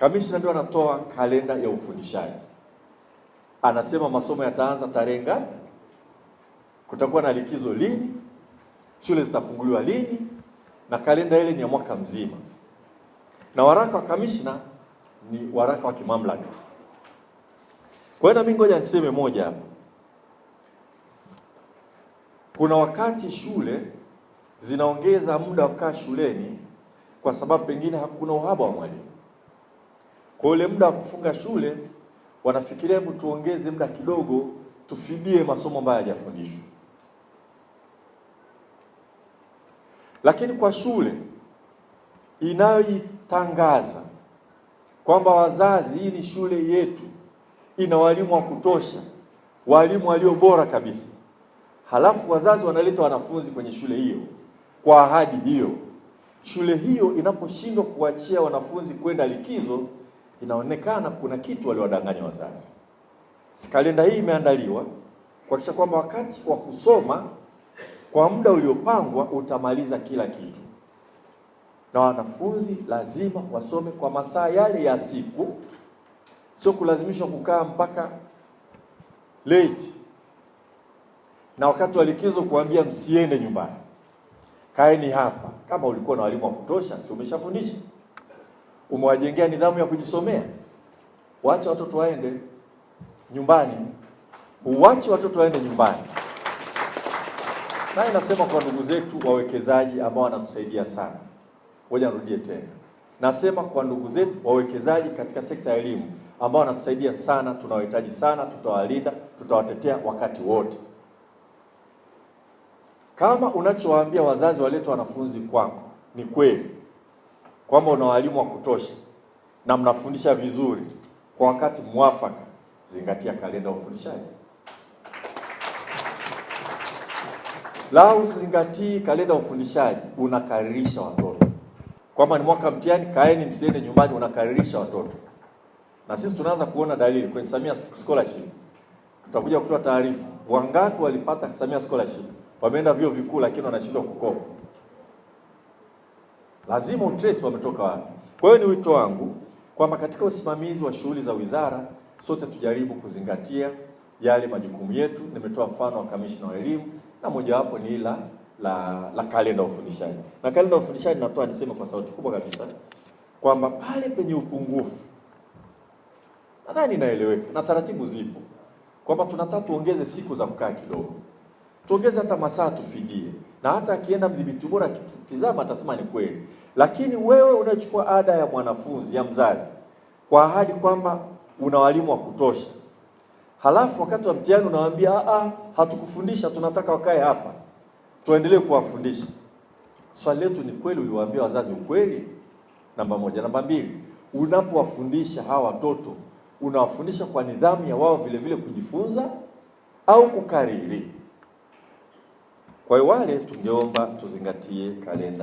Kamishna ndio anatoa kalenda ya ufundishaji, anasema masomo yataanza tarehe ngapi, kutakuwa na likizo lini, shule zitafunguliwa lini, na kalenda ile ni ya mwaka mzima. Na waraka wa kamishna ni waraka wa kimamlaka. Kwa hiyo nami ngoja niseme moja hapa. Kuna wakati shule zinaongeza muda wa kukaa shuleni kwa sababu pengine hakuna uhaba wa mwalimu kwa ule muda wa kufunga shule wanafikiria hebu tuongeze muda kidogo, tufidie masomo ambayo hayajafundishwa. Lakini kwa shule inayoitangaza kwamba wazazi, hii ni shule yetu, ina walimu wa kutosha, walimu walio bora kabisa, halafu wazazi wanaleta wanafunzi kwenye shule hiyo kwa ahadi hiyo, shule hiyo inaposhindwa kuachia wanafunzi kwenda likizo inaonekana kuna kitu waliwadanganya wazazi. Kalenda hii imeandaliwa kuhakikisha kwamba wakati wa kusoma kwa muda uliopangwa utamaliza kila kitu, na wanafunzi lazima wasome kwa masaa yale ya siku, sio kulazimishwa kukaa mpaka late, na wakati wa likizo kuambia msiende nyumbani, kaeni hapa. Kama ulikuwa na walimu wa kutosha, si umeshafundisha? umewajengea nidhamu ya kujisomea. Wacha watoto waende nyumbani, uwache watoto waende nyumbani. Naye nasema kwa ndugu zetu wawekezaji ambao wanatusaidia sana, ngoja nirudie tena, nasema kwa ndugu zetu wawekezaji katika sekta ya elimu ambao wanatusaidia sana, tunawahitaji sana, tutawalinda, tutawatetea wakati wote. Kama unachowaambia wazazi walete wanafunzi kwako ni kweli kwamba una walimu wa kutosha na mnafundisha vizuri kwa wakati mwafaka, zingatia kalenda ya ufundishaji. lao usizingatii kalenda ya ufundishaji, unakaririsha watoto kwamba ni mwaka mtihani, kaeni msiende nyumbani, unakaririsha watoto. Na sisi tunaanza kuona dalili kwenye Samia Scholarship. Tutakuja kutoa taarifa wangapi walipata Samia Scholarship, wameenda vyuo vikuu lakini wanashindwa kukopa lazima utrace wametoka wapi. Kwa hiyo ni wito wangu kwamba katika usimamizi wa shughuli za wizara sote tujaribu kuzingatia yale majukumu yetu. Nimetoa mfano wa kamishna wa elimu na mojawapo ni ila la la kalenda ufundishaji. Na kalenda ufundishaji natoa niseme kwa sauti kubwa kabisa kwamba pale penye upungufu nadhani inaeleweka na taratibu zipo kwamba tunataka tuongeze siku za kukaa kidogo, tuongeze hata masaa tufigie, na hata akienda mdhibiti ubora akitizama atasema ni kweli. Lakini wewe unachukua ada ya mwanafunzi ya mzazi kwa ahadi kwamba una walimu wa kutosha, halafu wakati wa mtihani unawaambia a, ah, ah, hatukufundisha, tunataka wakae hapa tuendelee kuwafundisha. Swali letu ni kweli, uliwaambia wazazi ukweli? Namba moja. Namba mbili, unapowafundisha hawa watoto unawafundisha kwa nidhamu ya wao vile vile kujifunza au kukariri? Kwa hiyo wale tungeomba tuzingatie kalenda.